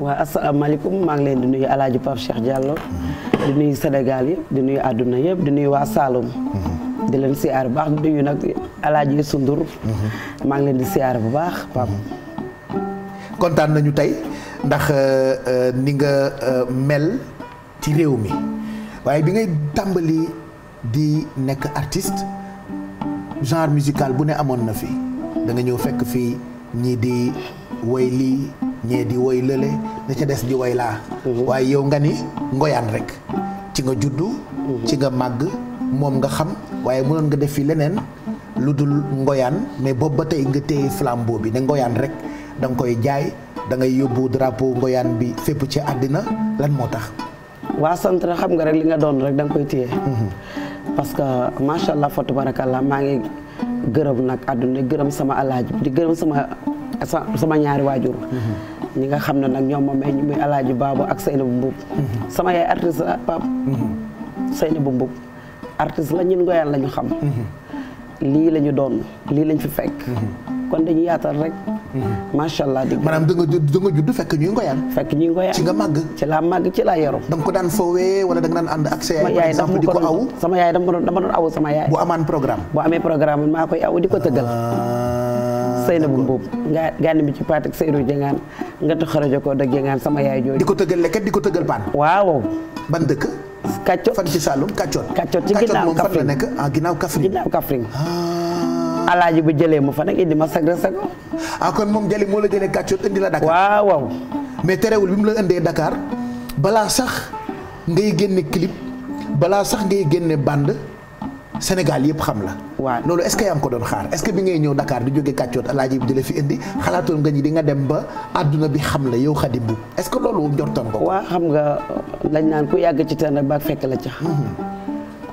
waaw asalaamaaleykum maa ngi leen di nuyu El Hadj Pape Cheikh Diallo di nuyu Sénégal yëpp di nuyu àdduna yëpp di nuyu waa Saloum. di leen siyaar bu baax di nuyu nag El Hadj Youssou Ndour maa ngi leen di siyaar bu baax Pape. kontaan nañu tey ndax euh, euh, ni nga euh, mel ci réew mi waaye bi ngay tàmbali di nekk artist genre musical bu ne amoon na fi da nga ñëw fekk fii ñii di woy lii. ñee di woy lële na ca des di woy laa mhm. waaye yow nga ni ngoyaan rek ci nga juddu mhm. ci nga màgg moom nga xam waaye mënoon nga def fi leneen lu dul ngoyaan mais boobu ba tey nga téye flambeau bi ne ngoyaan rek da nga koy jaay da ngay yóbbu drapeau ngoyaan bi fépp ci àddina lan moo tax waa sant xam nga rek li nga doon rek da nga koy téye mhm. parce que macha allah fa tabarakallah maa ngi gërëm nag àdduna gërëm sama alaaji di gërëm sama sama ñaari waajur ñi nga xam ne nag ñoom ma may muy alaaji baabu ak Seyna bu Mbuub sama yaay artiste la pap Seyna bu Mbuub artiste la ñun ngoyaan la ñu xam lii la ñu doon lii lañ fi fekk kon dañu yaatal rek macha di maanaam da nga da nga fekk ñuy ngoyaan fekk ñu ngoyaan ci nga màgg ci laa màgg ci laa yaru da ko daan foowee wala da nga daan ànd ak sa yaay di ko aw sama yaay dama doon dama sama yaay bu amaan programme bu amee programme maa koy aw di ko tëggal ah. Seynabou Mbuub nga gànn mi ci paat ak Seydou Jengaan nga tax rajo ko dag Jengaan sama yaay jooju. di ko tëggal lekkat di ko tëggal paan. waaw. ban dëkk. Kacot fan ci Saloum Kacot. Kacot ci ginnaaw Kaffrine Kacot moom fan la nekk ah ginnaaw Kaffrine. ginnaaw Kaffrine. Ah. alaaji bu jëlee ma fa nag indi ma sagre sago. ah kon moom jëli moo la jëlee Kacot indi la Dakar. waaw waaw. mais terewul bi mu la indee Dakar balaa sax ngay génne clip balaa sax ngay génne bande. Sénégal yëpp xam la. waaw loolu est-ce que yaa ko doon xaar est-ce que bi ngay ñëw Dakar di jóge kàccoot alaaji bi di la fi indi xalaatoon nga ñi di nga dem ba àdduna bi xam la yow Khady Mboup est-ce que loolu njortoon ko waa xam nga dañ naan ku yàgg ci teen rek ba fekk la ci. Mhm.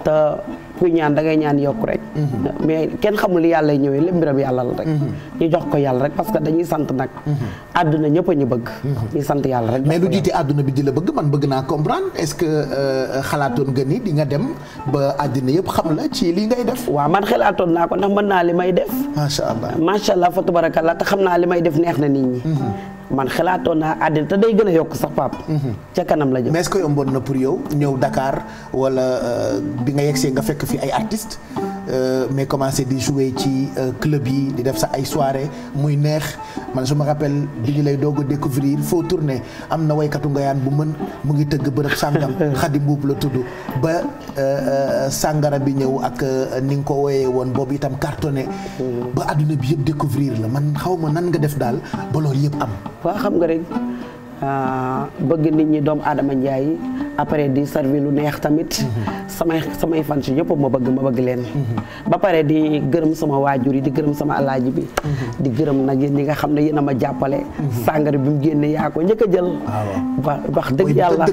te kuy ñaan dangay ngay ñaan yokk rek mhm. mais kenn xamul li yàlla ñëwee lépp mbiram yàlla la rek mhm. ñu jox ko yàlla rek parce que dañuy sant nag mhm. àdduna ñëpp a ñu bëgg ñu sant yàlla rek mais lu jiite àdduna bi di la bëgg man bëgg naa comprendre est-ce que euh, xalaatoon nga ni di nga dem ba àddina yëpp xam la ci li ngay def waaw man xalaatoon naa ko ndax mën naa li may def macha allah macha allah fa tabarakallah xam naa li may def neex na nit ñi man xalaatoon naa àddina te day gën a yokk sax pap mhm. ca kanam la jëm mais est-ce na pour yow ñëw dakaar wala euh, bi nga yegsee nga fekk fii ay artistes. Euh, mais commencé di jouer ci euh, club yi di def sa ay soirée muy neex man je me di bi ñu lay doog a découvrir foo tourné am na waykatu ngoyaan bu mën mu ngi tëgg bërëb sàngam xadi mbuub la tudd ba euh, sàngara bi ñëw ak ni nga ko woyee woon boobu itam cartonné mm. ba adduna bi yëpp découvrir la man xaw ma nan nga def daal ba loolu yëpp am waaw xam nga rek Euh, bëgg nit ñi doom aadama njaay yi après di servir lu neex tamit samay samay fan si yëpp ma bëgg ma bëgg leen ba pare di gërëm sama waajur yi di gërëm sama alaaji bi di gërëm nag yéen ñi nga xam ne yéen a ma jàppale sàngara bi mu génne yaa ko njëkk a jël ah wax dëgg yàlla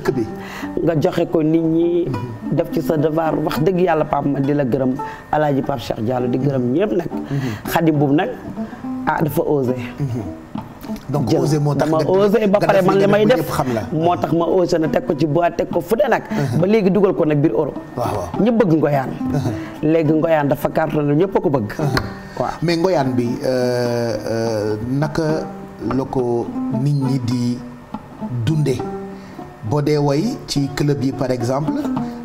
nga joxe ko nit ñi def ci sa devoir wax dëgg yàlla Pape ma di la gërëm alaaji Pape Cheikh Diallo di gërëm ñëpp nag mm-hmm. xadim boobu nag ah dafa osé mm-hmm. donc osé moo tax ma osé ba pare man li may def moo tax ma osé na teg ko ci boîte teg ko fu ne nag uh-huh. ba léegi dugal ko nag biir Europe waaw ñëpp bëgg ngoyaan uh-huh. léegi ngoyaan dafa carton ñëpp ko bëgg uh-huh. waaw mais ngoyaan bi euh, euh, naka la ko nit ñi di dunde boo dee woy ci club yi par exemple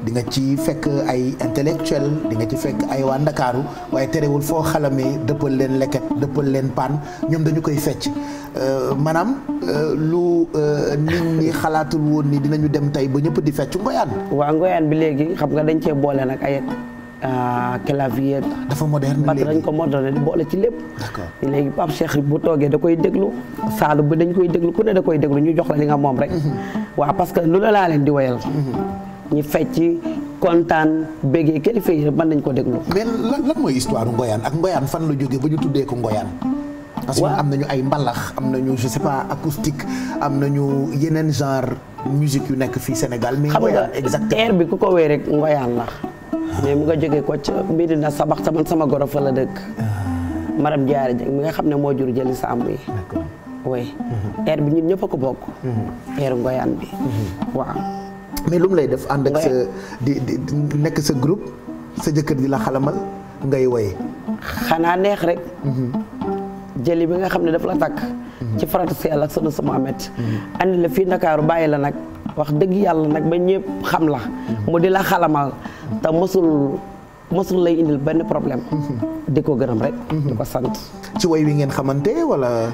dinga ci fekk ay intellectuel di nga ci fekk ay waa Ndakaaru waaye terewul foo xalamee dëppal leen leket dëppal leen paan ñoom dañu koy fecc euh, maanaam euh, lu euh, nit ñi xalaatul woon ni dinañu dem tey ba ñëpp di fecc ngoyaan waa ngoyaan bi léegi xam nga dañ cee boole nag ay clavier dafa moderne léegi dañ ko moderne di boole ci lépp. d'accord léegi Pape Cheikh bu toogee da koy déglu Saalum bi dañ koy déglu ku ne da koy déglu ñu jox la li nga moom rek. Mhm. waaw parce que lu la laa leen di woyal mhm. ñi fecc kontaan béggee kilifa yi mën nañ ko déglu mais lan lan mooy histoire ngoyaan ak ngoyaan fan la jóge ba ñu tuddee ko ngoyaan parce que am nañu ay mbalax am nañu je sais pas acoustique am na ñu yeneen genre musique yu nekk fii Sénégal mais ngoyaan bi ku ko wéy rek ngoyaan la mu nga jógee ko ca Medina sabax man sama goro fa la dëkk ah. maram jaara jeg mi nga xam ne moo jur jëli sàmm ko woy air bi ñun ñëpp ko bokk air ngoyaan bi waaw mais lu lay def ànd sa di nekk sa groupe sa jëkkër di la xalamal ngay woy xanaa neex rek mhm. jëli bi nga xam ne daf la takk mhm. ci farata si yàlla ak sunu sama amet andi la fii ndakaaru bàyyi la nag wax dëgg yàlla nag ba ñëpp xam la mhm. mu di la xalamal te mosul mosul lay indil benn problème di ko gërëm rek ci way wi ngeen xamante wala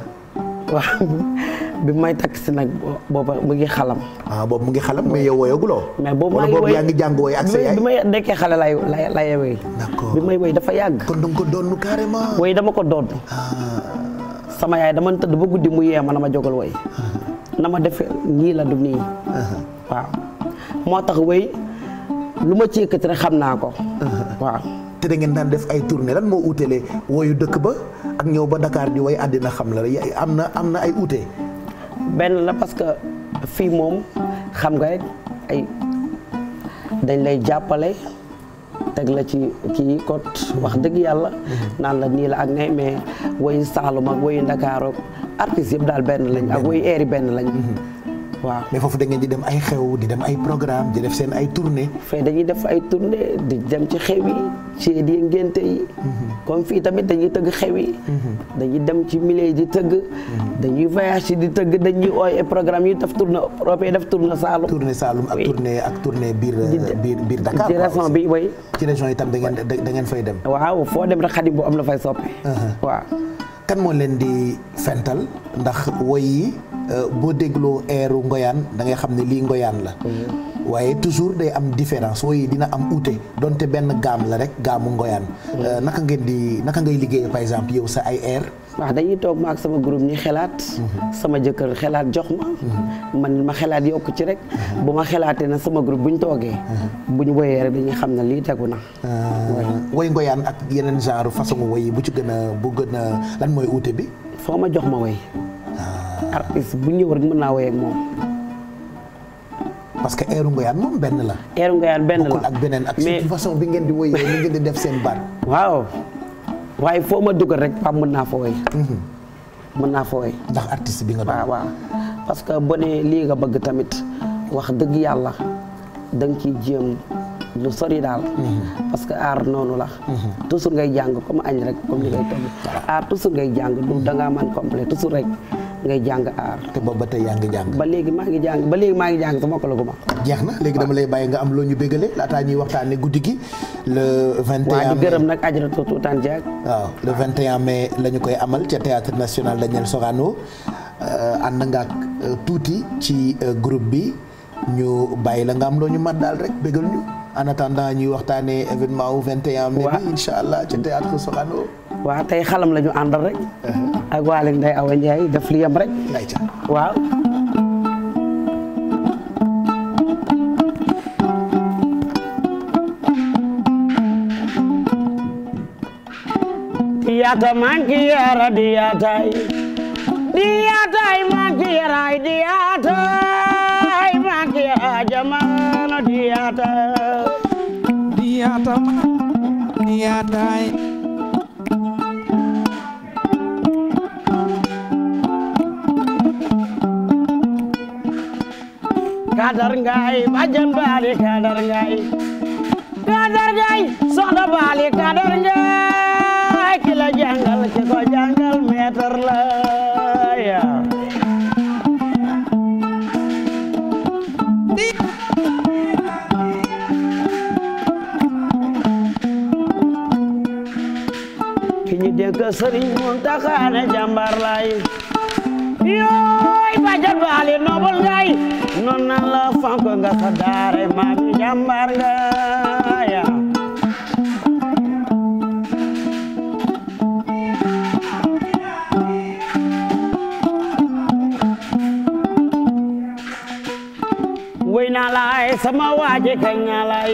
waaw bi may takk si nag booba mu ngi xalam. ah boobu mu ngi xalam mais yow woyaguloo. mais boobu maa ngi woy yaa ngi jàng woy ak sa yaay. bi may nekkee woy. may woy dafa yàgg. kon da ko doon carrément. woy dama ko doon. Ah. sama yaay dama tëdd ba guddi mu yee ma na ma jógal woy. Uh-huh. na ma def nii la du nii. Uh-huh. waaw moo tax woy lu ma ci yëkkati rek xam naa ko. Uh-huh. waaw. te da daan def ay tournée lan moo utalee woyu dëkk ba. ak ñëw ba ndakaar di way àddina xam la am na am na ay uute. benn la parce que fii moom xam nga rek ay dañ lay jàppale teg la ci kii kot wax dëgg yàlla. Mm-hmm. naan la nii la ak ne mais woyu Saalum ak woyu Ndakaaru artistes yëpp daal benn lañ ak woyu eeri benn lañ. Mm-hmm. waaw mais foofu da ngeen di dem ay xew di dem ay programme di def seen ay tournée. fee dañuy def ay tournée di dem ci xew yi ci di ngénte yi. Mhm. comme fii tamit dañuy tëgg xew yi. Mhm. dañuy dem ci milieu yi di tëgg. Mhm. dañuy voyage di tëgg dañuy ooy ay programme yi def tournée Europe def tournée Saloum. tournée Saloum ak tournée ak tournée biir euh, biir biir Dakar. ci région bi oui. ci région yi tam da ngeen da ngeen fay dem. waaw foo dem rek xadim bu am la fay soppe uh-huh. waaw. kan moo leen di fental ndax woy yi euh, boo dégloo eeru ngoyaan da ngay xam ne lii ngoyaan la mm-hmm. waaye toujours day am différence woy yi dina am uute donte benn gaam la rek gaamu ngoyaan mm-hmm. euh, naka ngeen di naka ngay liggéey par exemple yow sa ay air wax dañuy toog ma ak sama groupe ñi xelaat mhm. sama jëkkër xelaat jox ma mhm. man ma xelaat yokk ci rek mhm. bu ma xelaatee na sama groupe bu ñu toogee bu ñu woyee rek dañuy xam ne lii tegu na ah. woy ngoyaan ak yeneen genre façon woy bu ci gën a bu a lan mooy uute bi foo ma jox ma woy ah. artiste bu ñëw rek mën naa woy moom parce que eeru ngoyaan moom benn la eeru ngoyaan benn la ak beneen ak façon bi ngeen di woyee ni ngeen di def seen baat waaw waaye foo ma dugal rek pam mën naa fa woy mhm. mën naa fa woy ndax artiste bi waaw parce que boo lii nga bëgg tamit wax dëgg yàlla da nga ciy jéem lu sori daal mhm. parce que aar noonu la mhm. toujours ngay jàng comme añ rek comme li ngay togg aar toujours ngay jàng du da ngaa man complet toujours rek ngay jàng aar. te boobu ba tey yaa ngi jàng. ba léegi maa ngi jàng ba léegi maa ngi jàng te mokkalagu ma. jeex na léegi dama lay bàyyi nga am loo ñu bégalee laataa ñuy waxtaanee guddi gi. le 21 mai waaw di gërëm nag Adjaratou Toutane Diack. waaw le 21 mai la ñu koy amal ca théâtre national Daniel Sorano euh, ànd nga ak euh, tuuti ci euh, groupe bi ñu bàyyi la nga am loo ñu mat daal rek bégal ñu. en attendant ñuy waxtaanee événement wu 21 mai bi incha allah ci théâtre Sorano waaw tey xalam la ñu àndal rek uh-huh. ak waale Ndeye Awa Ndiaye def li yem rek waaw diyata manki yara diyatay diyatay diyata diyata ma diyatay kadar ngay bajan bali kadar ngay kadar ngay soxna bali kadar ngay binta sëriñ Muntaxa ne jàmbaar lay yooy ba jal baale nobol ngay non nan la fonk nga sa daare maam jàmbaar ngaaya wey naa lay sama waaje kañ naa lay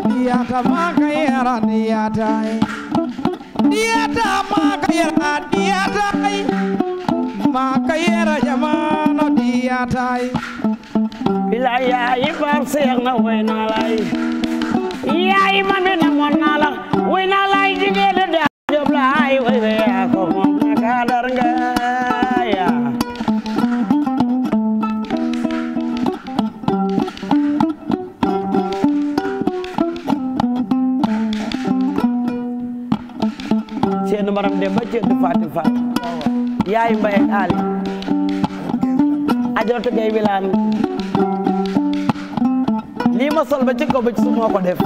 diyata ma ka yara diyata ye diyata ma ka yara diyata ye ma ka yara jamano diyata ye bila yayi far seex na wayna lay yayi ma mi na na la wayna lay jigéen da job lay way way na ka nga séddu Fatou Fall yaayu Mbaye ak Ali ajaratu gay wilaan lii ma sol ba ci kaw ba ci su moo ko def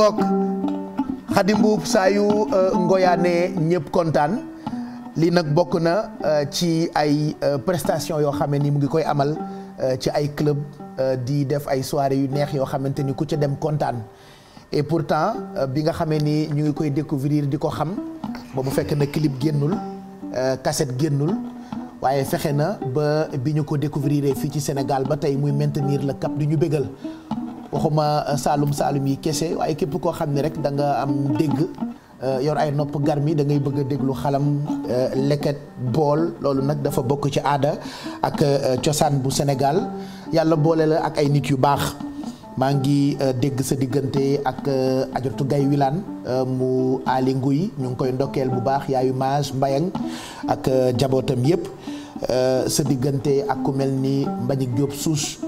ngoog Khady Mboup saa yu euh, ngoyaane ñëpp kontaan lii nag bokk na euh, ci ay euh, prestation yoo xam ne ni mu ngi koy amal ci ay club di def ay soirée yu neex yoo xamante ni ku ca dem kontaan et pourtant bi nga xamee ni ñu ngi koy découvrir di ko xam boobu fekk na clip génnul cassette génnul waaye fexe na ba bi ñu ko découvrir fii ci Sénégal ba tey muy maintenir la cap di ñu bégal waxuma euh, saalum saalum yi kese waaye képp koo xam ne rek da nga am dégg euh, yor ay nopp garmi da ngay bëgg a déglu xalam euh, leket bool loolu nag dafa bokk ci aada ak cosaan bu senegal yàlla boole la ak ay nit yu baax maa ngi dégg sa diggante ak ajortu gay wilaan mu aali nguy ñu ngi koy ndokkeel bu baax yaayu maas mbayang ak jabootam yépp sa diggante ak ku mel ni Mbagnick Diop suus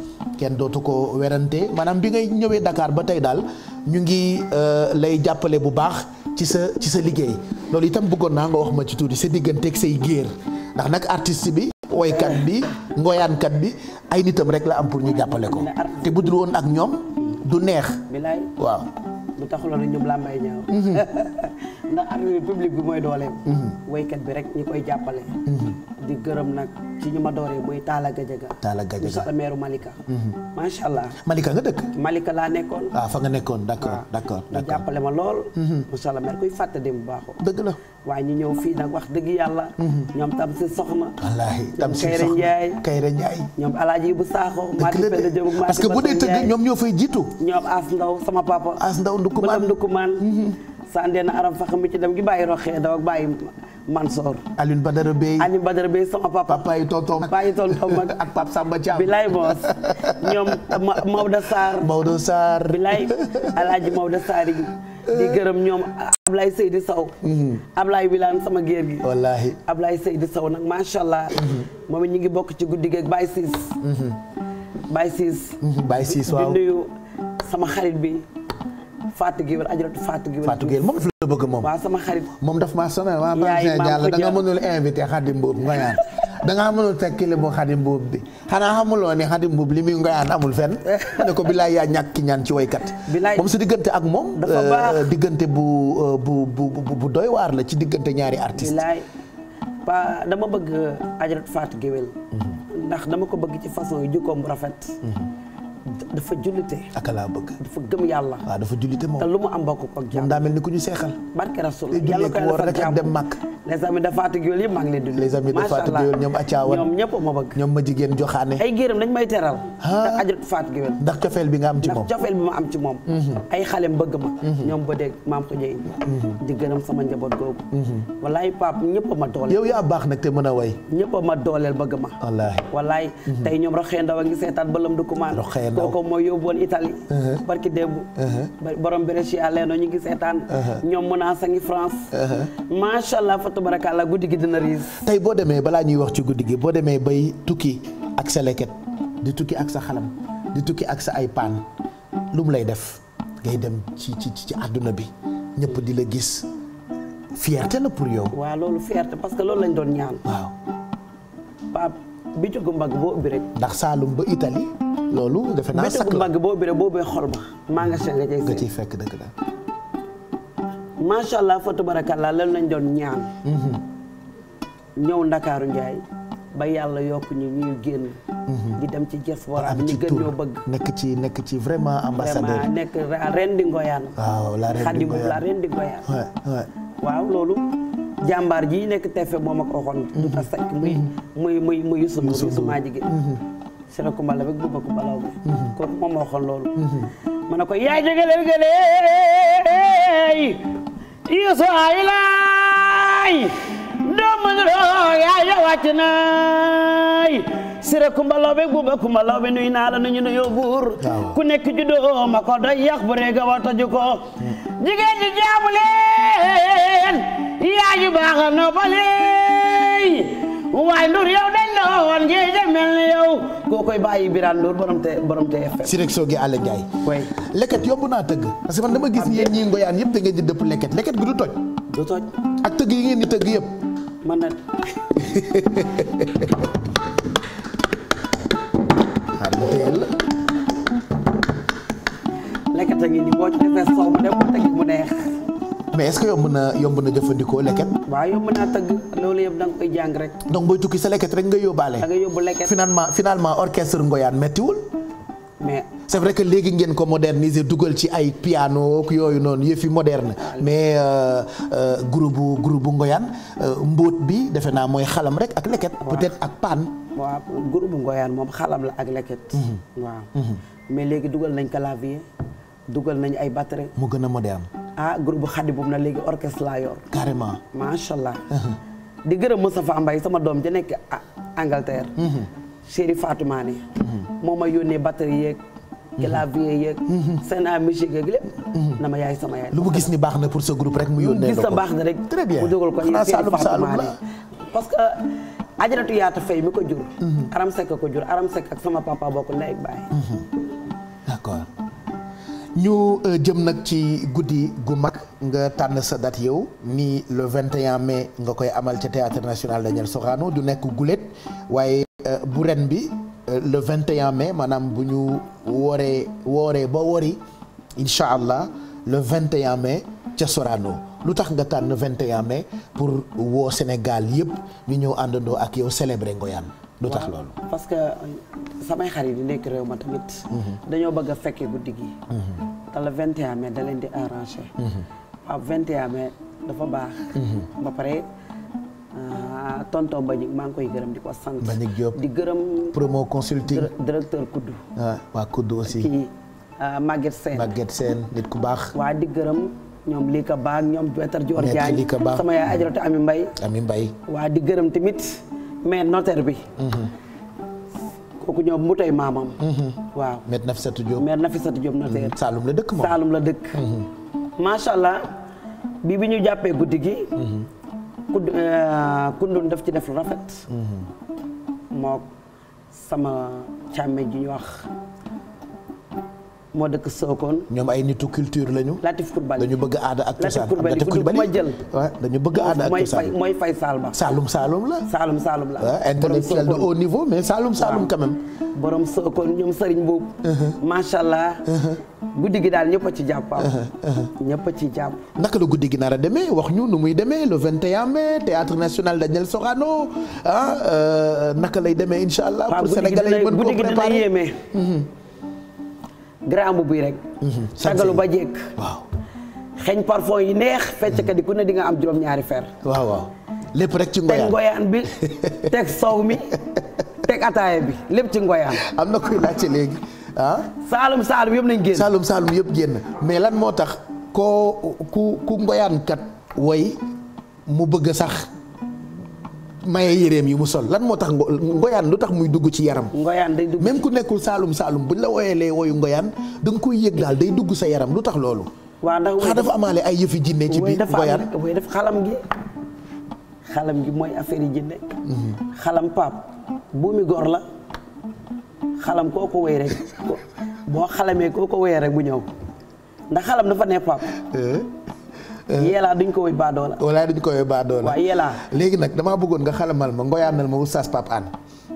kenn dootu ko werante maanaam bi ngay ñëwee dakaar ba tey daal ñu ngi euh, lay jàppale bu baax ci sa ci sa liggéey loolu itam bëggoon naa nga wax ma ci tuuti sa digganteeg say géer ndax nag artiste bi woykat bi ngoyaankat bi ay nitam rek la am pour ñu jàppale ko te bu dul woon ak ñoom du neex waaw bu taxuloon na ñoom làmbaay ñaaw mhm. ndax armée public bi mooy dooleem mhm. waykat bi rek ñi koy jàppale mhm. di gërëm nag ci ñu ma dooree muy a Gajaga a Gajaga monsieur le maire Malika macha allah Malika nga dëkk Malika laa nekkoon ah fa nga nekkoon d'accord d'accord d'accord jàppale ma lool monsieur le maire kuy fàtte dem bu baaxoo dëgg la waaye ñu ñëw fii nag wax dëgg yàlla. Mhm. ñoom tam si soxna. wallaahi tam si soxna ñoom Kayra Ndiaye. Kayra Ndiaye. parce que bu dee tëgg ñoom ñoo fay jiitu. ñoom As Ndaw sama papa. As Ndaw Ndukumaan Bëlam Ndukumaan. Mhm. sànde na aram faxam mi ci dem gi bàyyi roxee daw ak bàyyi Mansoor. Alioune Badara Bey. Alioune Badara Bey sama papa. papa yi tonton papa yi tonton mag. ak Pape Samba Thiam. ñoom Maodo Sarr. Maodo Sarr. bilaay alaaji Maodo Sarr di gërëm ñoom Ablaye Seydi Sow mhm. Ablaye Wilane sama géer gi wallaahi Ablaye Seydi Sow nag macha allah mhm. moom it ñu ngi bokk ci guddi geeg Baye Ciss mhm. Baye Ciss Baye Ciss waaw di sama xarit bi Fatou gi ajaratu Fatou Guèye. Fatou Guèye moom daf la bëgg moom. waa sama xarit. moom daf ma sonal waaw. yaay maa ko jàll da nga mënul invité Xadim Mboob nga dangaa mënul teg kilimu xadim buub bi xanaa xamuloo ne xadim buub li muy ngoyaan amul fenn ma ne ko bilaay yaa ñàkk ñaan ci woykat moom sa diggante ak moom euh, diggante euh, bu bu bu doy waar la ci diggante ñaari artiste pa dama bëgg ajrat Fatou Guewel mhm. ndax dama ko bëgg ci façon yu jikkoom rafet mhm. dafa jullite ak laa bëgg dafa gëm yàlla waaw dafa jullite moom te lu mu am bokk ko moom daa mel ni ku ñu seexal barke rasul yàlla ko ma bëgg ñoom ma jigéen joxaane ay géram dañ may teral ndax ajot Fatick yooyu ndax cofeel bi nga am ci moom ndax mhm. mhm. ba dégg maam ko jëy mhm. di gërëm sama njaboot googu wallaay pap ñëpp yaa baax nag te mën a way ñëpp ma dooleel bëgg ma wallaay tey ñoom roxee ndaw a ngi seetaan balam du kumaan boobu mooy yóbbu woon Italie uh-huh. barki démb uh-huh. borom Brescia leeno ñu ngi seetaan uh-huh. ñoom mën a sangi France macha allah fa tabarakallah guddi gi dina riis tey boo demee balaa ñuy wax ci guddi gi boo demee bay tukki ak sa leket di tukki ak sa xalam di tukki ak sa ay paan lu mu lay def ngay dem ci ci ci àdduna bi ñëpp di la gis fierté la pour yow. waa loolu fierté parce que loolu lañ doon ñaan. bëccëgu mbagg boo ubbi rek. ndax Saalum ba itali loolu defe naa sakk la boo ubbi rek boo bee xol ba maa nga seen nga ciy fekk dëgg la. macha allah fa tabarakallah lan lañ doon ñaan. Mhm. ñëw ndakaaru njaay ba yàlla yokk ñu ñuy génn. Mhm. di dem ci jëf wala bëgg. nekk ci nekk ci vraiment ambassadeur. vraiment nekk reine di ngoyaan. waaw loolu. jàmbaar ji nekk tefe moom ak oxoon du tas takk muy muy muy muy Youssou Ndour Youssou maa jigéen sira kumbala moom moo xoon loolu mm-hmm. ma ne ko yaay jógaleel gëleey Youssou ay laay doomu ndoo yaay ya wàcc naay sira kumbalaw bek buba kumbalaw nuy naa la nu ñu nuyoo buur ku nekk juddoo ma ko doy yàq bu rega wa toju ko mm. jigéen ji jaamu yaa ji baax a noppalee waaye Ndour yow dañ la woon jéeje mel ni yow koo koy bàyyi Birane Ndour borom te borom si rek soo gi àll Ndiaye. leket yomb naa tëgg. parce que man dama gis yéen ñii ngoyaan yëpp da ngeen di dëpp leket leket bi du toj. ak tëgg yi ngeen di tëgg yëpp. leket a ngi nii boo ci defee sow mu dem mu tëgg mu neex. mais est-ce que yomb na yomb na jëfandikoo leket. waaw yomb naa tëgg loolu yëpp da koy jàng rek. donc booy tukki sa leket rek nga yóbbaale. finalement orchestre ngoyaan méttiwul. mais c'est vrai que léegi ngeen ko moderniser dugal ci ay piano yooyu noonu yëfi moderne mais euh, euh, groupe bu groupe bu ngoyaan euh, mboot bi defe naa mooy xalam rek ak leket. peut-être ak paan. waaw groupe ngoyaan moom xalam la ak leket. Mhm. waaw mhm. mais léegi dugal nañ clavier. dugal nañu ay batterie. mu gën a moderne. ah groupe xaddi boobu na léegi orchestre laa yor. carrément macha allah. Uh-huh. di gërëm Moustapha mbay sama doom ja nekk ah, Angleterre. Uh-huh. chéri Fatou Mané. Uh-huh. moo ma yónnee batterie yeeg. clavier yeeg. scénario musique yeeg lépp. na ma yaay sama yaay. lu mu gis ni baax na pour ce groupe rek mu yónnee la ko gis na baax na rek. très bien mu dugal ko ñu chéri Fatou Mané parce que. ajaratu yaata fay mi ko jur. aram ko jur aram sekk ak sama papa bokk ndey ak baay. ñu euh, jëm nag ci guddi gu mag nga tànn sa date yow nii le 21 mai nga koy amal ca théâtre national Daniel Sorano du nekk gulet waaye euh, bu ren bi euh, le vingt 21 mai maanaam bu ñu wooree wooree ba woori incha allah le 21 mai ca Sorano lu tax nga tànn 21 mai pour woo Sénégal yëpp ñu ñëw àndandoo ak yow célébrer Ngoyane. lu tax loolu parce que euh, samay xarit yi nekk réew ma tamit mhm. dañoo bëgg a fekkee guddi gi mhm. te le 21 mai da leen di arrangé mhm. waaw 21 mai dafa baax ba pare euh, tonton ba maa ngi koy gërëm di ko sant Mbagnick Diop di gërëm promo consulting directeur Koudou waaw ah, waa Koudou aussi kii euh, Maguette Sène Maguette Sène nit ku baax waa di gërëm ñoom lii ka baax ñoom jotar joor Diagne sama yaay ajaratu Ami mbay Ami Mbaye waa di gërëm tamit mais notaire bi. Mm-hmm. kooku ñoom mu tey maamam. Mm-hmm. waaw maître Nafissatou Diop maître Nafissatou Diop notaire. Mm-hmm. Saalum la dëkk moom Saalum la dëkk. macha allah bii bi ñu jàppee guddi gi. kundun euh, def ci def lu rafet. moo sama càmme ji ñu wax. moo dëkk Sokone. ñoom ay nitu culture lañu. Latif Coulibaly dañu bëgg aada ak cosaan. Latif Coulibaly ma jël. dañu bëgg aada ak cosaan Saalum Saalum la. Saalum Saalum la. intellectuel de haut niveau mais Saalum Saalum quand même. borom Sokone ñoom Serigne boobu. Uh-huh. macha allah. Uh-huh. guddi gi daal ñëpp ci jàpp. Uh-huh, ñëpp a ci naka la guddi gi nar a demee wax ñu nu muy demee le 21 mai théâtre national Daniel Sorano ah euh, naka lay demee incha allah. pour sénégalais yi mën koo préparer guddi gi grand bu buy rek. Mhm. sagalu ba jekk. waaw xeeñ parfum yi neex. fecckat yi ku ne di nga am juróom-ñaari fer. waaw waaw lépp rek ci ngoyaan teg ngoyaan sow mi teg ataaya bi lépp ci ngoyaan. am na kuy laajte léegi ah. Saalum Saalum yëpp nañ génn. Saalum Saalum yëpp génn mais lan moo tax koo ku ku ngoyaan kat woy mu bëgg sax. maye yéreem yi mu sol lan moo tax ngoyaan lu tax muy dugg ci yaram. ngoyaan day dugg même ku nekkul saalum saalum buñ la wooyalee woyu ngoyaan da koy yëg daal day dugg sa yaram lu tax loolu. waa ndax dafa amaale ay yëfi jinne ci biir ngoyaan way dafa xalam gi xalam gi mooy affaire yi jinne mhm. xalam paap buumi góor la xalam koo ko woy rek boo xalamee koo ko wéyee rek bu ñëw ndax xalam dafa ne paap eh? Euh, yeelaa duñ ko woy baadoola walaay duñ ko woy baadoola waaw yeelaa léegi nag damaa bëggoon nga xalamal ma ngoyaanal ma oustaz Pape Hann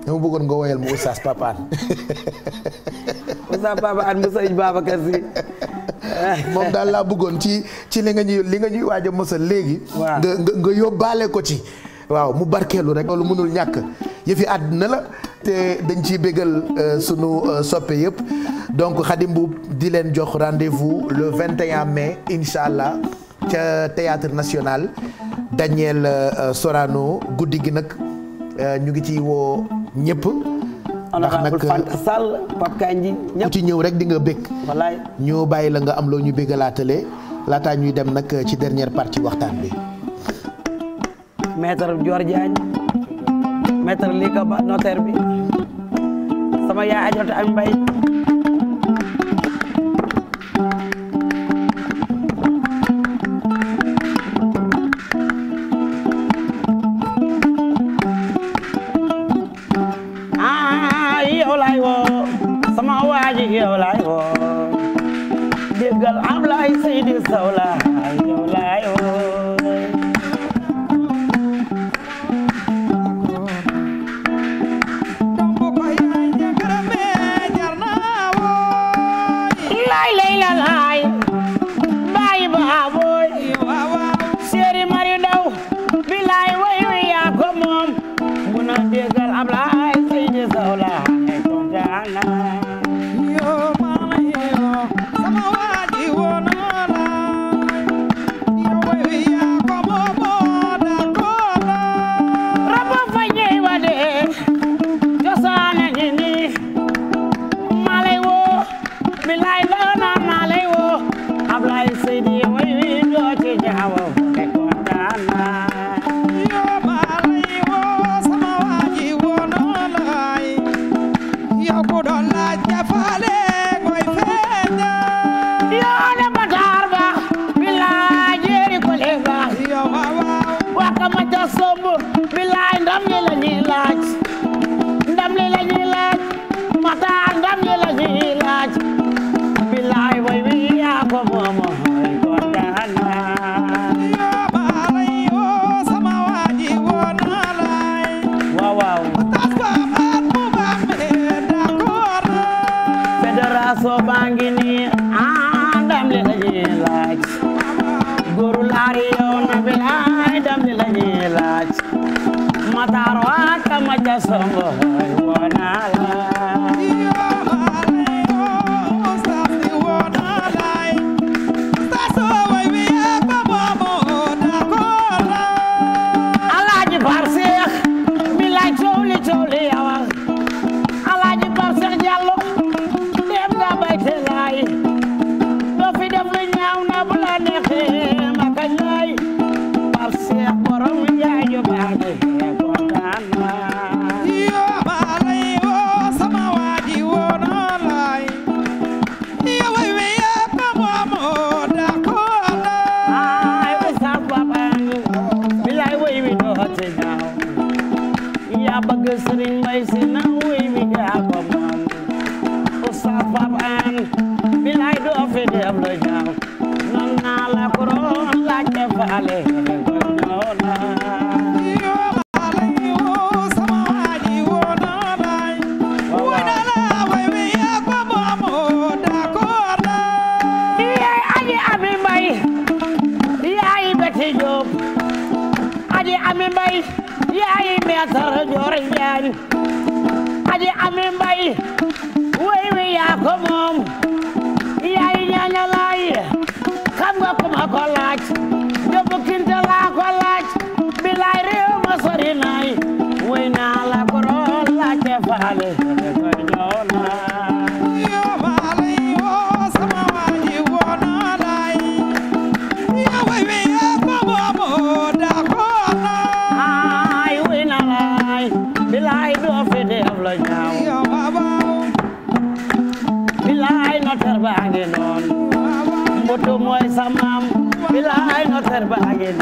dama bëggoon nga woyal ma oustaz Pape Hann oustaz Pape moom daal laa bëggoon ci ci li nga ñuy li nga ñuy waaj a mosal léegi nga nga yóbbaale ko ci waaw mu barkeelu rek loolu mënul ñàkk yëfi àddina la te dañ ciy bégal euh, sunu euh, soppe yëpp donc Khady Mboup di leen jox rendez-vous le 21 mai incha allah ca théâtre national Daniel euh, euh, Sorano guddi gi nag euh, ñu ngi ciy woo ñëpp. ndax nag Sall Pape Kandji ñëpp ku ci ñëw rek di nga bëgg. wallaay ñu bàyyi la nga am loo ñu bëggalaatale laataa ñuy dem nag ci dernière partie waxtaan bi. maître Dior Diagne maître Lika Ba notaire bi sama yaay ajote am mbay. yalaay baay baabooy séeri mari daw bilaay way wi yaa ko moom bu na déggal Ablaay aja sama ngeen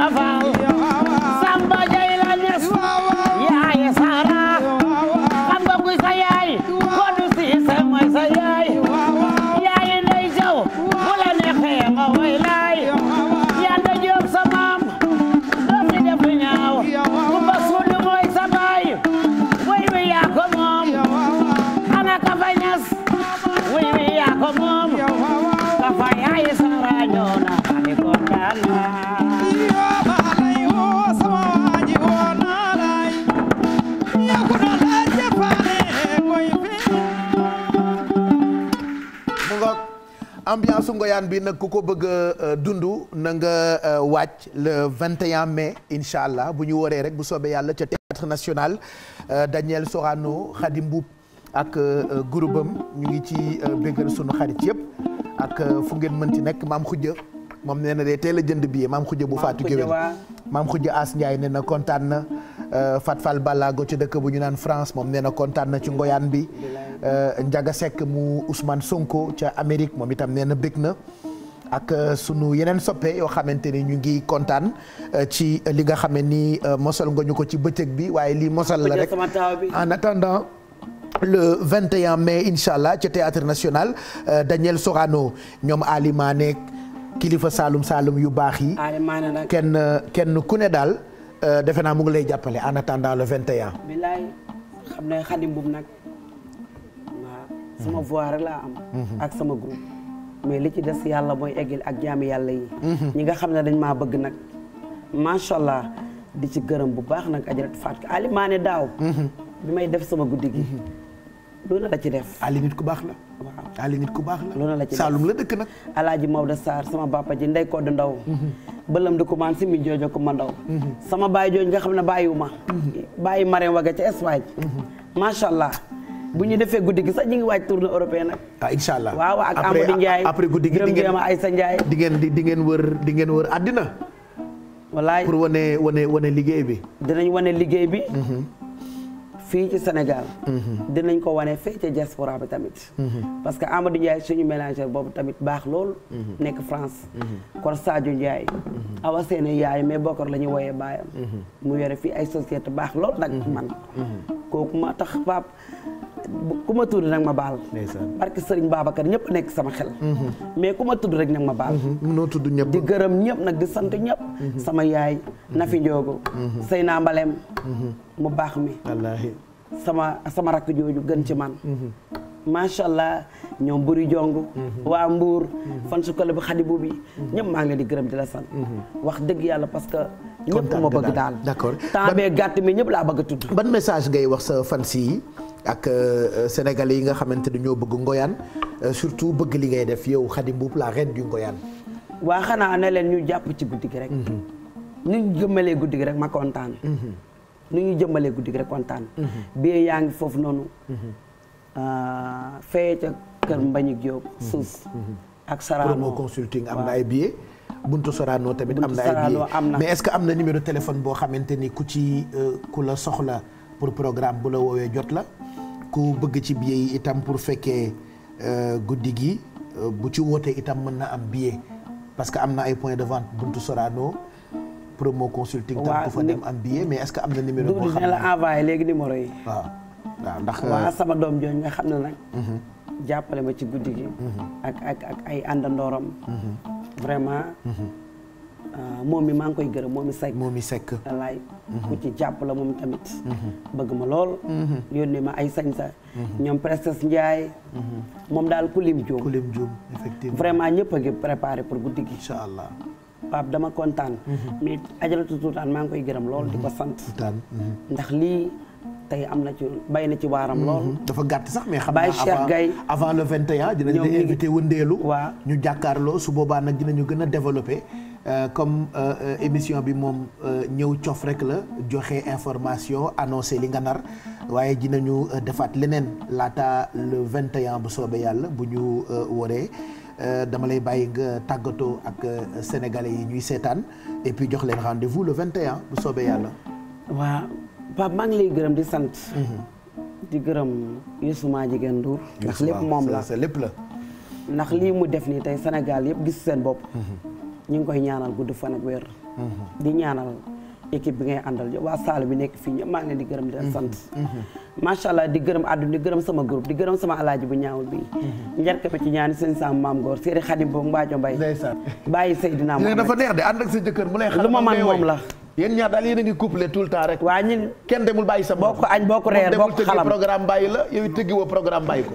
aval bi nag ku ko bëgg a dund na nga wàcc le 21 mai incha allah bu ñu waree rek bu soobee yàlla ca théâtre national Daniel Sorano Khadim Mboup ak groupe am ñu ngi ci bëggal sunu xarit yëpp ak fu ngeen mënti nekk maam xujja moom nee na de teel a jënd billet maam xujja bu faatu géwél maam xujja As Ndiaye nee na kontaan na Euh, Fat Fall Balago ci dëkk bu ñu naan France moom nee na kontaan na ci ngoyaan bi euh, njaga Seck mu Ousmane Sonko ca Amérique moom itam nee na bég na ak euh, suñu yeneen soppe yoo xamante ni ñu ngi kontaan ci li nga xam ne ni mosal nga ñu ko ci bëccëg bi waaye lii mosal la rek en attendant le mais mai incha allah ca théâtre national Daniel Sorano ñoom Alimaane kilifa Saalum Saalum yu baax yi kenn kenn ku ne daal Euh, defe naa mu lay jàppale en attendant le 21. bilaay xam ne xadim boobu nag waaw sama mhm. voix laa am. Mhm. ak sama groupe. mais li ci des yàlla mooy eggil ak jaami yàlla yi. Mhm. ñi nga xam ne dañ maa bëgg nag macha allah di ci gërëm bu baax nag ajarat Fatou Aliou maa daaw. bi may def sama guddi gi. lu na la ci def. Ali nit ku baax la. waaw Ali nit baax la. la ci def Saalum la dëkk nag. Alaaji Maodo Sarr sama papa ji ndey ko du ndaw. Mhm. bëlëm di commencé mi joojo ko ma ndaw. Mhm. sama baay jooju nga xam ne bàyyiwu ma. Mhm. bàyyi Marème Waga ca Espagne. macha allah. bu ñu defee guddi gi sax ñu ngi waaj tournée européen nag. ah incha allah waaw waaw ak Amadou Ndiaye après guddi gi di ngeen Aïssa Ndiaye. di ngeen di ngeen wër di ngeen wër àddina. wallaay pour wane wane liggéey bi. dinañ wane liggéey bi. fii ci Sénégal. dinañ ko wane fee ca diaspora bi tamit. parce que Amadou Ndiaye suñu mélangeur boobu tamit baax lool. nekk France. kon Sadio Ndiaye. awa seen yaay mais bokkar la ñu wooyee baayam. mu yore fii ay société baax lool nag man. kooku ma tax Pape. ku ma tudd nag ma baal. parce que sëriñ Babacar ñëpp nekk sama xel. Mhm. mais ku ma tudd rek nag ma baal. Mhm. munoo tudd ñëpp di gërëm ñëpp nag di sant ñëpp. Mhm. sama yaay Nafi Ndiogo. Seyna Mbalem. mu baax mi. wallaahi sama sama rakk jooju gën ci man. macha allah ñoom buri jong waa Mbour. fan su kole bu xadibu bi. ñëpp maa ngi di gërëm di la sant. wax dëgg yàlla parce que. ñëpp ma bëgg daal d'accord gàtt mi ñëpp laa bëgg a tudd. ban message ngay wax sa fans yi ak euh, sénégalais yi nga xamante ni ñoo bëgg ngoyaan euh, surtout bëgg li ngay def yow Khady Mboup la reine du ngoyaan. waa xanaa ne leen ñu jàpp ci guddi gi rek. Mhm. nu jëmmalee guddi gi rek ma kontaan. Mhm. nu ñu jëmmalee guddi gi rek kontaan. Mhm. bii yaa ngi foofu noonu. Euh, fee ca kër Mbagnick Diop. suus ak Sarano promo consulting am na ay billets. Buntu Sorano tamit am na ay billets mais est-ce que am na numéro téléphone boo xamante ni ku ci ku la soxla pour programme bu la woowee jot la. ku bëgg ci billet yi itam pour fekkee euh, guddi gi euh, bu ci wootee itam mën na am billet parce que am na ay point de vente buntu Sorano promo consulting. tam ku fa dem am billet mais est-ce que am na numéro. xam ne envoyé léegi numéro yi. waaw ndax. Euh, waaw sama doom jooju nga xam ne nag. Mhm. jàppale ma ci guddi gi. Mhm. ak ak ay àndandooram. Mhm. vraiment. Euh, moom mi maa ngi koy gërëm moom mi sekk moom mi sekk laay mhm. ku ci jàpp la moom tamit mhm. bëgg ma lool mhm. yónnee ma ay sañ sañsa ñoom Prestes Ndiaye moom daal ku lim juum ku lim juum vraiment ñëpp a ngi préparé pour guddi gi incha allah Pape dama kontaan mais ajalatu tuutaan maa ngi koy gërëm lool di ko sant ndax lii tey am na ci bay na ci waaram lool. dafa gàtt sax mais xam naa Cheikh avant le 21. ñoom ñu ngi dinañ invité wëndeelu. waaw ñu jàkkaarloo su boobaa nag dinañu gën a développé. Euh, comme euh, émission bi moom euh, ñëw cof rek la joxe information annoncé li nga nar waaye dinañu defaat leneen laata le 21 bu soobee yàlla bu ñu waree dama lay bàyyi nga tàggatoo ak sénégalais yi ñuy seetaan et puis jox leen rendez-vous le 21 bu soobee yàlla. waaw Pape maa ngi lay gërëm di sant. Mhm. di gërëm Youssouma Jigéen Ndour. ndax lépp moom la lépp la. ndax lii mu def nii tey Sénégal yëpp gis seen bopp. Mhm. ñu ngi koy ñaanal gudd fan ak wér. Mm-hmm. di ñaanal équipe bi ngay àndal waa saal bi nekk fii ñëpp maa ngi di gërëm di leen mm-hmm. sant. Mm-hmm. macha allah di gërëm àdduna di gërëm sama groupe di gërëm sama alaaji bu ñaawul bi njarka ba ci ñaani seen sam maam góor séeri xadim boobu mbaajo mbay bàyyi Seydina dafa neex de ànd ak sa jëkkër mu lay xam a ngi couplé tout le temps rek waa ñun kenn demul bàyyi sa bokk añ bokk reer bokk xalam bàyyi la yow tëggi woo programme bàyyi ko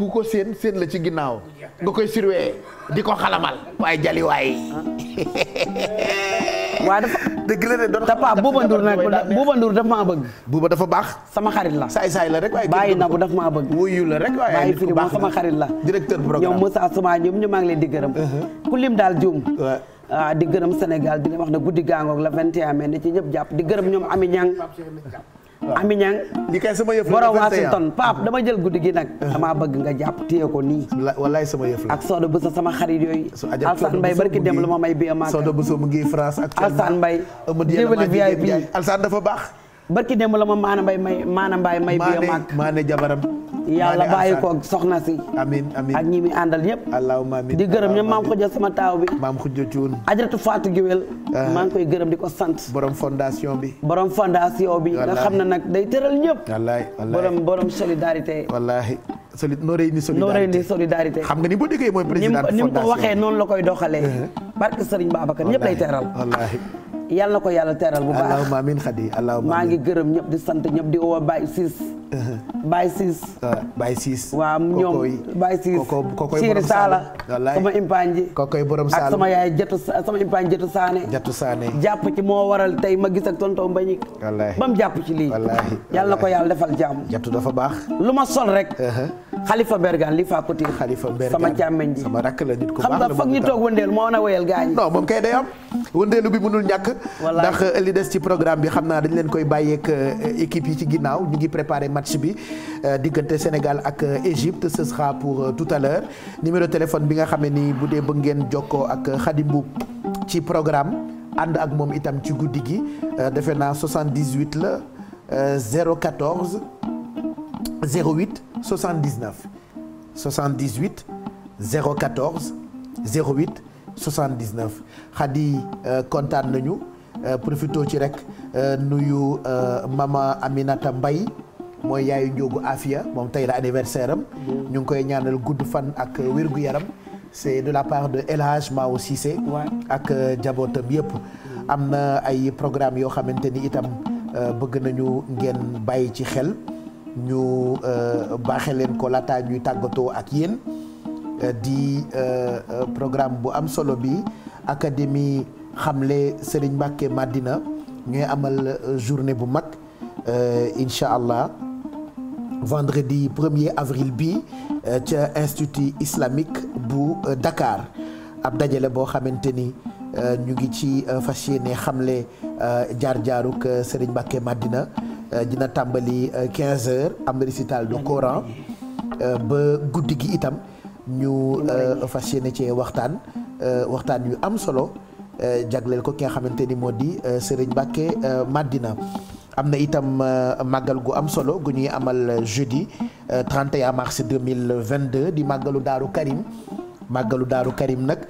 ku ko séen séen la ci ginnaaw nga koy surveiller di ko xalamal waaye jaliwaay waaye dafa dëgg la de doon te Pape Bouba Ndour nag Bouba bëgg Bouba dafa baax sama xarit la saay saay la rek waaye bàyyi na bu daf maa bëgg wuyu la rek waaye bàyyi firi moom sama xarit la directeur programme ñoom Moussa Souma ñoom ñu maa ngi leen di gërëm uh-huh. ku daal juum ah, di gërëm Sénégal di wax ne guddi gaangoog la 21 amee ne ci ñëpp jàpp di gërëm ñoom Ami Niang Ami Ñang li kay sama yëf borom Washington Pape dama jël guddi gi nag damaa bëgg nga jàpp téye ko nii wallaay sama yëf la ak Soda Bousso sama xarit yooyu Alsane Mbaye barki dem lu ma may bi ma Soda Bousso mu ngi France actuellement Alsane Mbaye jébbali VIP Alsane dafa baax barki dem la ma maana mbay may maana mbaay may bi mag maa ne jabaram yàlla bàyyi ko soxna si. amiin amiin ak ñi muy àndal yëpp. allahumma di gërëm ñoom maam Khoudia sama taaw bi. maam Khoudia Thioune. Ajaratu Fatou Guewel. Ah. maa ngi koy gërëm di ko sant. borom fondation bi. borom fondation bi. nga xam na nag day tëral ñëpp. wallaahi wallaahi borom borom solidarité. wallaahi. soli noo rey ni solidarité xam nga ni boo déggee mooy président fondation ni mu ko waxee noonu la koy doxalee. Uh-huh. barke Serigne Babacar ñëpp lay teral. yal na ko yàlla teral bu baax allahumma amiin xadi allahumma maa ngi gërëm ñëpp di sant ñëpp di woo Baye Ciss. Uh-huh. Baye Ciss. Uh, Baye Ciss. waaw ñoom Baye Ciss. koko kokoy borom Saala. wallaay sama impaañji. kokoy borom Saala ak sama yaay jëtu sama impaañji jëtu Saane. jëtu Saane. jàpp ci moo waral tey ma gis ak tonton Mbagnick. wallaay ba jàpp ci lii. wallaay yal na ko yàlla defal jàmm. jëtu dafa baax. lu ma sol rek. Uh-huh. Khalifa Bergan li faa ko tiir. Khalifa Bergan sama càmmeñ ji sama rakk la xam nga foog ñu toog wëndeel moo na wéyal gaañ. moom kay day wëndeelu bi mënul ñàkk ndax euh, li des ci programme bi xam naa dañ leen koy bàyyeek euh, équipe yi ci ginnaaw ñu ngi préparé match bi euh, diggante Sénégal ak Égypte ce sera pour tout à l'heure numéro téléphone bi nga xam ne ni bu dee bëgg ngeen jokkoo ak Khady Mboup ci programme ànd ak moom itam ci guddi gi defe naa 78 la 014 08 79 78 014 08 79 Khady euh, kontaan nañu euh, profito ci rek euh, nuyu mama Aminata mbay mooy yaayu njóogu Afia moom tey la anniversaire am. ñu ngi koy ñaanal gudd fan ak wérgu yaram. c'est de la part de El Hadj Mao Cissé. ak jabootam yëpp. am na ay programme yoo xamante ni itam bëgg nañu ngeen bàyyi ci xel ñu baaxe leen ko laata ñuy tàggatoo ak yéen. di euh, euh, programme bu am solo bi académie xamle Serigne Mbacké Madina ñooy amal euh, journée bu mag incha allah vendredi 1er avril bi ca institut islamique bu Dakar ab dajale boo xamante ni ñu ngi ci fas ne xamle jaar-jaaruk Serigne Mbacké Madina dina tàmbali 15 heures am récital du Coran ba guddi gi itam. ñu euh, fas yéene cee waxtaan euh, waxtaan yu am solo euh, jagleel ko ki nga xamante ni moo di Serigne Mbacké Madina am na itam màggal gu am solo gu ñuy amal jeudi 31 mars 2022 di màggalu Daaru Karim màggalu Daaru Karim nag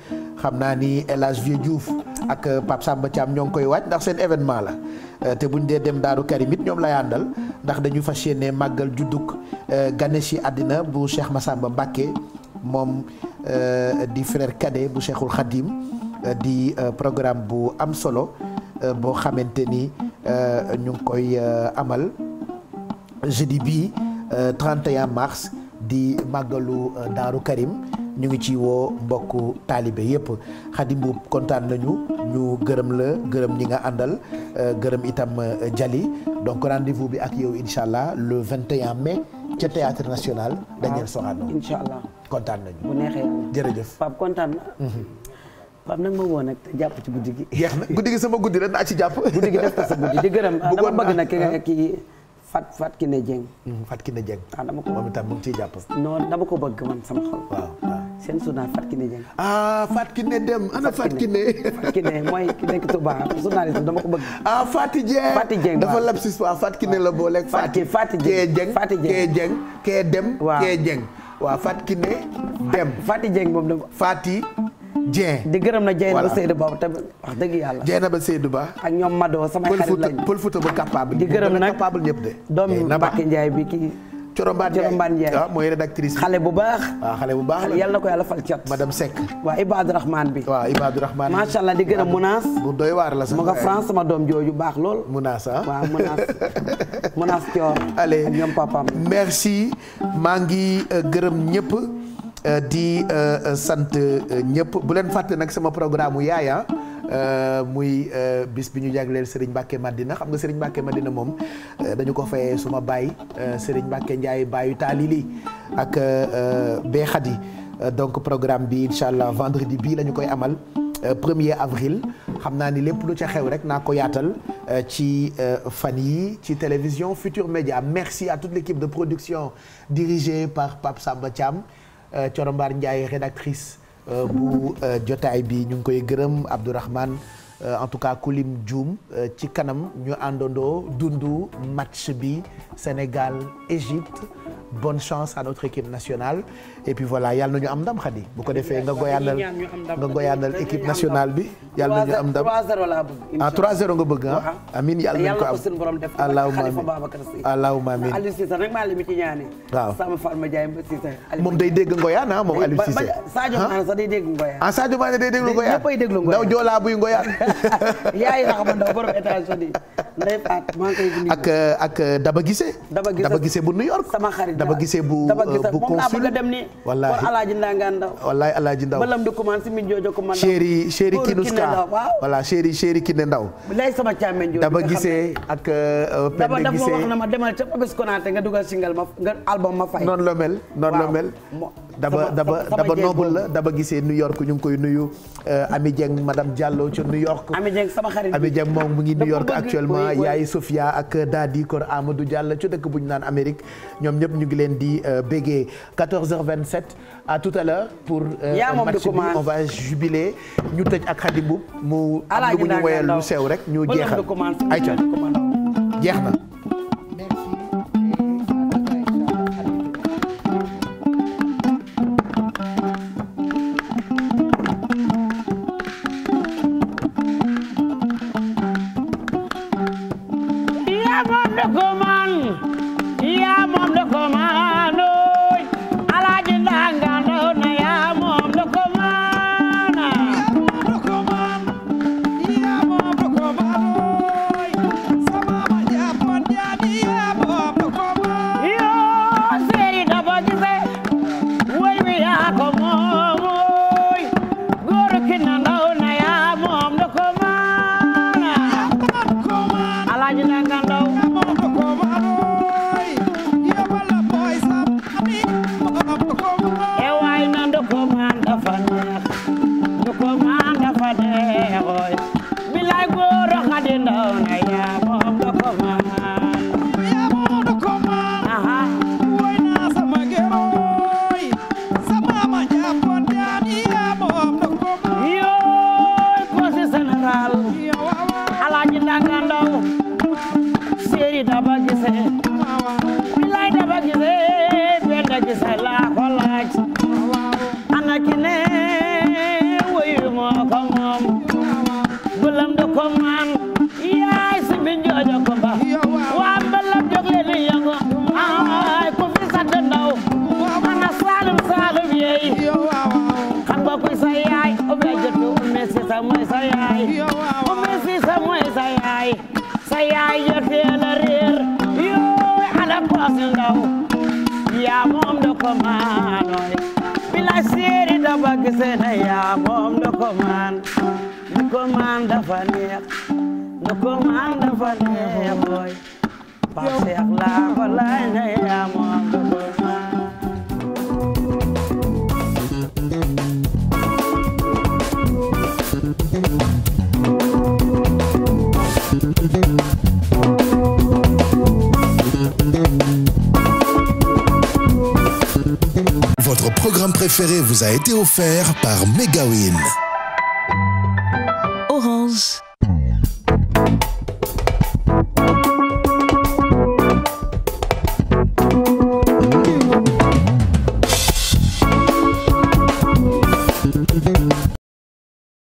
xam naa ni El Hadj Vieux Diouf ak Pape Samba Thiam ñoo ngi koy waaj ndax seen événement la te buñ dee dem Daaru Karim it ñoom la àndal ndax dañu fas yéene màggal juddug gane si àddina bu Cheikh Massamba Mbacké moom euh, di frère cadet bu Cheikhul Khadim euh, di euh, programme bu am solo boo xamante ni ñu ngi koy amal jeudi bii 31 mars di màggalu Daaru Karim ñu ngi ci woo mbokku taalibe yëpp Khady Mboup kontaan nañu ñu gërëm la gërëm ñi nga àndal euh, gërëm itam euh, Jali donc rendez-vous bi ak yow incha allah le 21 mai ca théâtre national Daniel ah, Sorano incha allah kontaan nañu bu neexee jërëjëf Pape kontaan na mhm. Pape nag ma woo jàpp ci guddi gi. jeex na guddi gi sama guddi rek naa ci jàpp. guddi gi def ko sa guddi di gërëm. dama bëgg nag ki Fat Fat ki Dieng. Mm, Fat Kiné Dieng. ah dama ngi ciy jàpp. non dama ko bëgg man sama xol. waaw waaw seen journal Fat Kiné Dieng. ah Fat Kiné dem ana Fat Kiné. Fat Kiné mooy ki nekk Touba journaliste dama ko bëgg. ah Fati Dieng Fati Dieng dafa lapsus waaw Fat Kiné la booleeg. Fati Fati Dieng Fati Dieng kee dem. waaw kee Dieng waaw Fat Kiné dem. Fati Dieng moom Dieng di gërëm na Dieng ba Seydou Ba tamit wax dëgg yàlla Dieng ba Seydou Ba ak ñoom Mado sama xarit lañu pël Fouta ba capable di gërëm nag capable ñëpp ah, xale bu baax waaw ah, xale bu baax la na ko yàlla fal cat madame Seck waaw Ibadou Rahman bi waaw Ibadou Rahman macha allah di gërëm Mounas bu doy waar la sax mu nga France sama doom jooju baax lool Mounas ah waaw Mounas Mounas Thior allez ak ñoom papaam merci maa ngi euh, gërëm ñëpp Euh, di euh, euh, sant ñëpp bu leen fàtte nag sama programme mu yaaya muy bis bi ñu jagleel Serigne Mbacke Madina xam nga Serigne Mbacke Madina moom dañu ko fayee suma baay Serigne Mbacke Ndiaye baayu taalili ak beexat yi donc programme bi incha allah vendredi bi la ñu koy amal 1er avril xam naa ni lépp lu ca xew rek naa ko yaatal ci fan yi ci télévision Futur Média merci à toute l'équipe de production dirigée par Pape Samba Thiam. Corombaar euh, Ndiaye rédactrice euh, bu euh, jotaay bi ñu ngi koy gërëm Abdourahmane Euh, en tout cas kulim Dioum euh, ci kanam ñu àndandoo dundu match bi Sénégal Égypte bonne chance à notre équipe nationale et puis voilà yàlla na ñu am ndam Khady bu ko defee nga goyaanal nga goyaanal équipe nationale bi yàlla na ñu am ndam 3-0 laa bëgg ah 3-0 nga bëgg ah amin yàlla nañu ko am suñu borom def allahumma amin allahumma amin Aliou Cissé rek maa limiti ñaane waaw sama Fatma Diaye ba Cissé moom day dégg ngoyaan ah moom Aliou Cissé Sadio ah. Mané sax day dégg ngoyaan ah Sadio Mané day dégg ngoyaan ñëppay dégg ngoyaan ndaw yaay na xama ndaw borom États-Unis nday faat maa ngi koy ak ak Daba Gissé Daba Gissé Daba Gissé bu New York sama xarit Daba Gissé bu bu consul dem ni wallaahi kon alaaji ndangaan ndaw wallaahi alaaji ndaw balam du commande si min joojo commande chéri chéri Kinuska Ndaw lay sama càmmeñ jooju Daba Gissé ak euh, euh, Penda Gissé na ma demal ca Papis Konaté nga dugal single ma nga album ma fay daba daba daba noble la daba gisee New York ñu ngi koy nuyu euh, Ami Dieng madame Diallo ca New York Ami Dieng sama moom mu ngi New York actuellement yaay Sofia ak Dadi Kor Amadou Diallo ca dëkk bu ñu naan Amérique ñoom ñëpp ñu ngi leen di euh, bégee 14h27 à tout à l'heure pour euh, match bi on ñu tëj ak Khady Mboup mu am lu mu ñu woyal lu sew rek ñu jeexal ayca jeex na Macky Sall ndokomaanoy bila séeri da bëgg sene yaa moom dafa neex ndokomaan dafa neex mooy Pape Cheikh laa ko laaj ne préféré vous a été offert par Megawin.